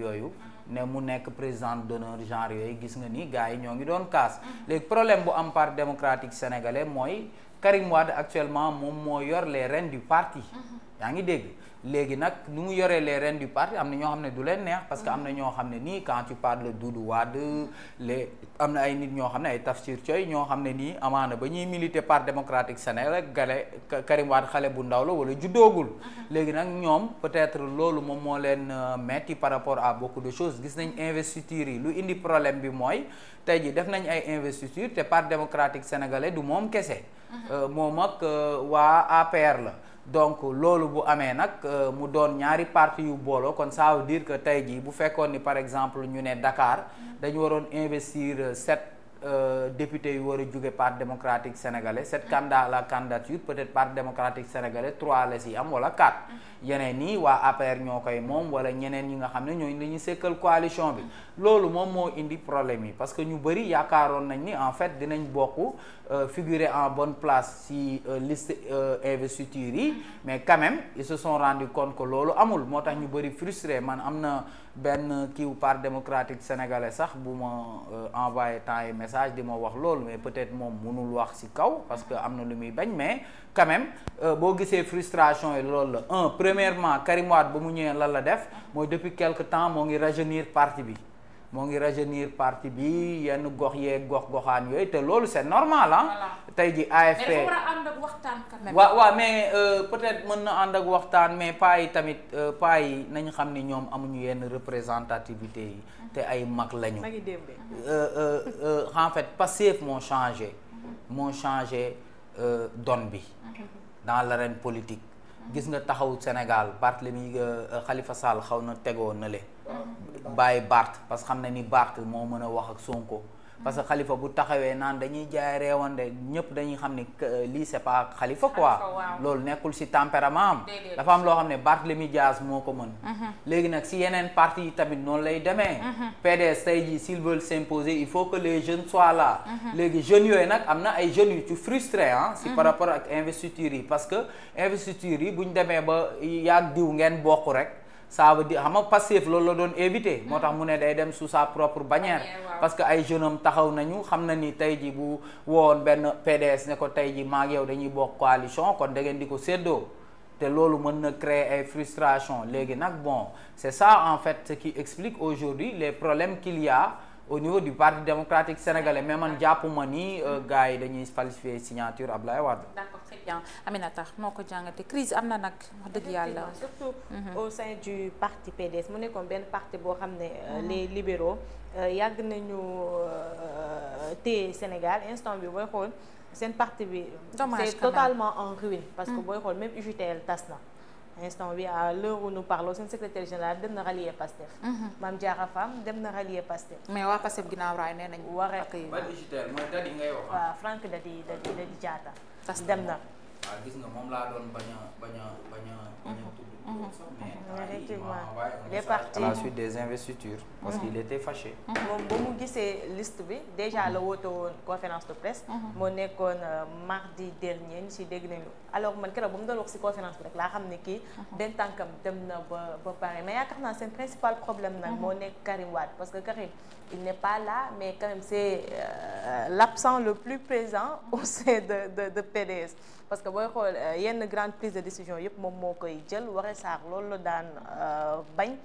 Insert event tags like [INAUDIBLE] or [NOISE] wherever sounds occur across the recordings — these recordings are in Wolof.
yooyu ne mu nekk président d'honneur genre yooyu gis nga ni gars yi ñoo ngi doon kaas léegi problème bu am parti démocratique sénégalais mooy Karim Wade actuellement moom moo yor les rênes du parti yaa ngi dégg léegi nag nu mu yoree les rênes du parti am na ñoo xam ne du leen neex parce que am na ñoo xam ne nii quand tu parles Doudou Wade les am na ay nit ñoo xam ne ay Tafsir Thioye ñoo xam ne nii amaana ba ñuy militer Parti démocratique Sénégalais rek gale Karim Wade xale bu ndaw la wala juddoogul uh-huh. léegi nag ñoom peut-être loolu moom moo leen euh, metti par rapport à beaucoup de choses gis nañ investiture yi lu indi problème bi mooy tey ji def nañ ay investiture te Parti démocratique sénégalais du moom kese uh-huh. euh, moom ak euh, waa APR la donc loolu bu amee nag euh, mu doon ñaari parti yu booloo kon ça veut dire que tey jii bu fekkoon ni par exemple ñu ne ndakaar dañu waroon investir euh, sept Euh, député yu war a jóge part démocratique sénégalais sept candidats à la candidature peut-être parti démocratique sénégalais trois la si am wala quatre mhm. yeneen nii waa APR ñoo koy moom wala ñeneen yi nga xam ne ñooñu la ñu sekkal coalition bi loolu moom moo indi problème yi parce que ñu bëri yaakaaroon nañ ni en fait dinañ bokk euh, figurer en bonne place si euh, liste investiture yi mhm. mais quand même ils se sont rendu compte que loolu amul moo tax ñu bëri frustré man am na benn kiiw parti démocratique sénégalais sax bu ma euh, envoyé temps yi message di ma wax loolu mais peut-être moom mënul wax ci kaw parce que am na lu muy bañ mais quand euh, boo gisee frustration yi loolu la un premièrement Karim ba mu ñëwee lan la def mooy depuis quelque temps moo ngi rajeunir parti bi moo ngi rajeunir parti bi yenn gox yee gox goxaan yooyu te loolu c'est normal ah. tey ji AFP mais dafa mais euh, peut-être mën na ànd ak waxtaan mais paa yi tamit euh, paa yi nañ xam ni ñoom amuñu yenn représentativité yi. te ay mag lañu. mag euh, en fait Pastef moo changé. moo changé donne bi. Mhm. dans l'arène politique. gis nga taxaw Sénégal Barthélemy euh, Khalifa Sall xaw na tegoo na le ah. bàyyi Barth parce que xam na ni Barth moo mën a wax ak Sonko parce que xalifa bu taxawee naan dañuy jaay reewande ñëpp dañuy xam ne euh, lii c'est pas xalifa quoi loolu nekkul ci tempérament am dafa am loo xam ne le Dias moo ko mën mhm. léegi nag si yeneen parti tamit noonu lay demee mhm. PDS tey jii s'ils veulent s'imposer il faut que les jeune soient la mhm. léegi jeunes yooyu nag am na ay jeunes yu ci frustré ah ci par rapport ak investiture yi parce que investiture yi bu ñu demee ba yàgg diw ngeen bokk rek ça veut dire xam nga Pastef loolu la doon éviter moo tax mu ne day dem sous sa propre bannière parce que ay jeune am taxaw nañu xam na ni tey ji bu woon benn PDS ne ko tey ji maa ak dañuy bokk coalition kon da ngeen di ko séddoo te loolu mën na créer ay frustration léegi nag bon c'est ça en fait ce qui explique aujourd'hui les problèmes qu'il y a au niveau du parti démocratique sénégalais mais man jàppuma ni euh, gars yi dañuy falsifier signature Ablaye Wade. d'accord très bien Aminata moo ko jàngate crise am na nag wax dëgg yàlla. surtout mhm. au sein du parti PDS mu nekkoon benn parti boo xam ne euh, mhm. les libéro euh, yàgg nañu téye Sénégal instant bi booy xool seen parti bi. c'est totalement en ruine. parce que mhm. booy xool même UJTL tas na. instant bi à l'heure où nous seen secrétaire général dem na rallier Pastef. Mhm. Mame Diarra Fam dem na rallier Pastef. mais waa Pastef ginnaaw raay nee nañu. waree ak yi mooy Dadi ngay wax. waaw Franck Dadi dem na. waaw ah, gis nga moom a la suite des investitures parce mhm. qu'il était fâché mhm. moom ba mu gisee list bi déjà la woote woon conférence de presse mhm. moo nekkoon euh, mardi dernier ñu si dégg nañu alors man keroog ba mu doon wax si conférence bi rek laa xam ne kii benn tànkam dem na ba ba pare mais yaakaar naa seen principal problème nag moo nekk Karim Wade parce que Karim il n'est pas la mais quand même c'est euh, l'absent le plus présent au sein de de de PDS booy xool euh, yenn grande prise de décision yëpp moom moo koy jël Waré saar loolu la daan euh, bañ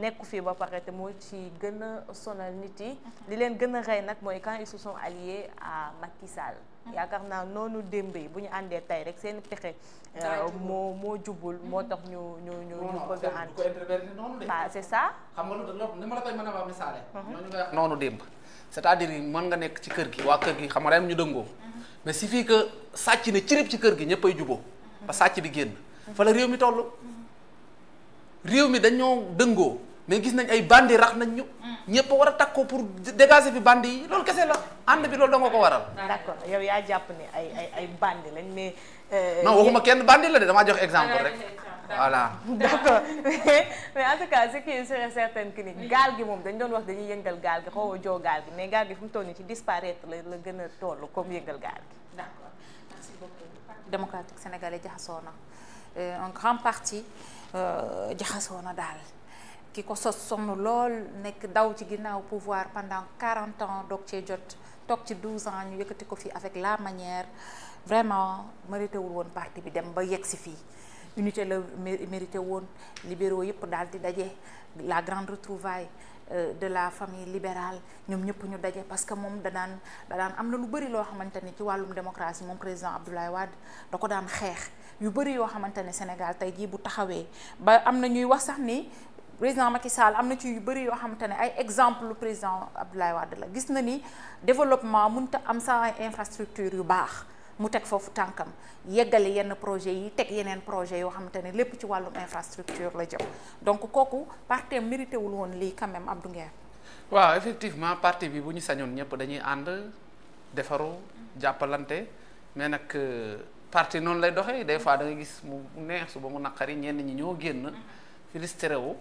nekku fii ba pare te moo ci gën a sonal nit yi mm-hmm. li leen gën a rey nag mooy quand ils se sont alliés à Macky mm-hmm. yaakaar naa noonu démb yi bu ñu àndee tey rek seen pexe euh, moo moo jubul moo mm-hmm. tax ñu ñu ñu ñu bëgg a ànd c'est ça noonu démb c'est-à-dire mën nga nekk ci kër gi waa kër gi xam nga dañ ñu dëngoo mais si fii que sàcc ne cirib ci kër gi ñëpp ay juboo ba sàcc bi génn fa la réew mi toll réew mi dañoo dëngoo mais gis nañ ay bandi rax nañ ñu ñëpp war a takkoo pour dégager fi bandi yi loolu kese la ànd bi loolu da ko waral d'accord yow yaa jàpp ne ay ay ay bandi lañ mais euh, non waxuma kenn bandi la de damaa jox exemple rek [LAUGHS] voilà d'accord mais mais en tout cas ce qui est certain que ni gaal gi moom dañ doon wax dañuy yëngal gaal gi xaw a joo gaal gi mais gaal gi fu mu toll nii ci disparaître la gën a toll comme yëngal gaal gi. d'accord merci na en euh, grande partie euh, jaxasoo na daal. ki ko sos sonn lool nekk daw ci ginnaaw pouvoir pendant quarante ans doog cee jot toog ci douze ans ñu yëkkati ko fii avec la manière vraiment mérité wul woon partie bi dem ba yegg si fii unité la mérité woon libéraux yëpp daal di daje la grande retrouvaille euh, de la famille libérale ñoom ñëpp ñu daje parce que moom danaan danaan am na lu bëri loo xamante ni ci wàllum démocratie moom président Abdoulaye Wade da ko daan xeex yu bëri yoo xamante ne Sénégal tey jii bu taxawee ba am na ñuy wax sax ni président Macky Sall am na ci yu bëri yoo xamante ne ay exemple lu président Abdoulaye Wade la gis na ni développement mënut a am sa infrastructure yu baax mu teg foofu tànkam yeggale yenn projet yi teg yeneen projet yoo xamante ne lépp ci wàllum infrastructure la jëm donc kooku parti mérité wul woon lii quand même Abdou Nguer waaw effectivement parti bi bu ñu sañoon ñëpp dañuy ànd defaru jàppalante mais nag euh, parti noonu lay doxe des fois da nga gis mu neex suba mu naqari ñenn ñi ñoo génn mm-hmm. filistere wu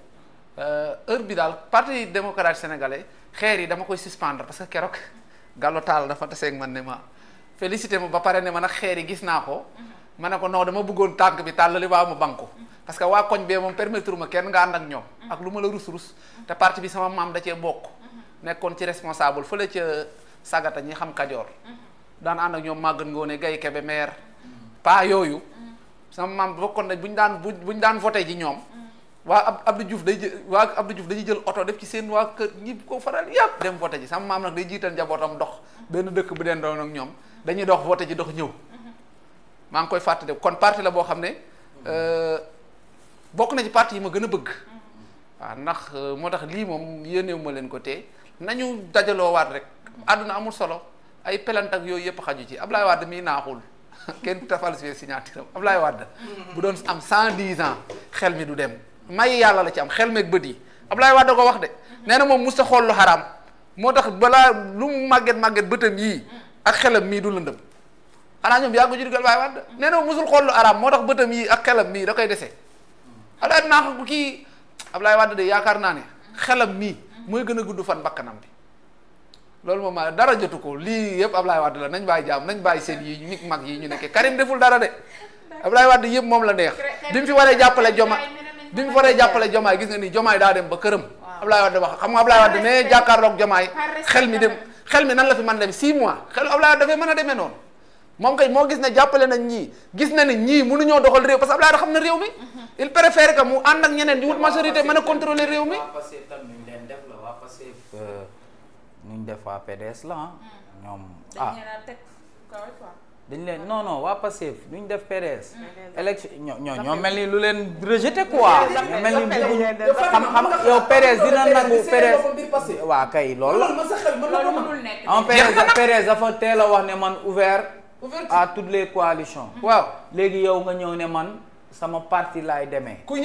euh, heure bi daal parti démocrate sénégalais xeer yi dama koy suspendre parce que keroog Gallo Tall dafa taseeg man ne ma félicité ma ba pare ne ma nag xeer yi gis naa ko ma ne ko non dama bëggoon tànk bi tàllali waaw ma ko parce que waa koñ bee moom permettre ma kenn nga ànd ak ñoom ak lu ma la rus rus te parti bi sama maam da cee bokk nekkoon ci responsable fële ca sagata ñi xam kajoor daan ànd ak ñoom màggan ngoone gay kebe maire paa yooyu sama maam bokkoon nañ bu ñu daan bu ñu daan voté ji ñoom waa Abdou Diouf day jël waa Abdou Diouf dañuy jël oto def ci seen waa kër ñi ko faral yàpp dem voté ji sama maam nag day jiital njabootam dox benn dëkk bu den doon ak ñoom dañuy dox voté ji dox ñëw maa ngi koy fàttali kon parti la boo xam ne euh, bokk na ci parti yi ma gën a bëgg waaw ndax euh, moo tax lii moom yéenewu ma leen ko tee nañu dajaloo waat rek àdduna amul solo ay pelant ak yooyu yëpp xaju ci Ablaye Wade mii naaxul [LAUGHS] kenn tafalsue signature am Ablaye da bu doon am cent dix ans xel mi du dem may yàlla la ci am xel meeg bët yi Ablaye Wade ko wax de nee na moom sa xool lu xaraam moo tax balaa lu mu màgget màgget bëtam yii ak xelam mii du lëndëm xanaa ñoom yàggu ci dugal Baay Wàdd nee na musul xool lu araam moo tax bëtam yi ak xelam mii da koy dese Abdoulaye naa ko kii Abdoulaye Wàdd de yaakaar naa ne xelam mii mooy gën a gudd fan bakkanam bi loolu moom maa dara jotu ko lii yëpp Abdoulaye Wade la nañ bàyyi jaam nañ bàyyi seen yi nit mag yi ñu nekkee Karim deful dara de Abdoulaye Wade yëpp moom la neex di mu fi waree jàppale joma di mu fi waree jàppale jomaay gis nga ni jomaay daa ba këram Abdoulaye Wade wax xam nga Abdoulaye xel mi dem xel mi nan la fi mën a demee 6 mois xelu Abdoulaye dafay mën a demee noon moom kay moo gis na jàppale nañ ñii gis na ne ñii ñoo doxal réew parce que Abdoulaye xam na réew mi. il préfère que mu ànd ak ñeneen di wut majorité mën a contrôler réew mi. Euh, nuñ def waa PDS la ah. Mm. ñoom ah dañ leen non non waa Pastef ñu def PDS. élection ñoo ñoo ñoo mel ni lu leen rejeté quoi. ñoo mel ni bugguñu xam xam yow PDS dina nangu PDS. waa kay loolu la. en PDS PDS dafa teel wax ne man ouvert à toutes les coalitions. waaw léegi yow nga ñëw ne man sama parti laay demee. ku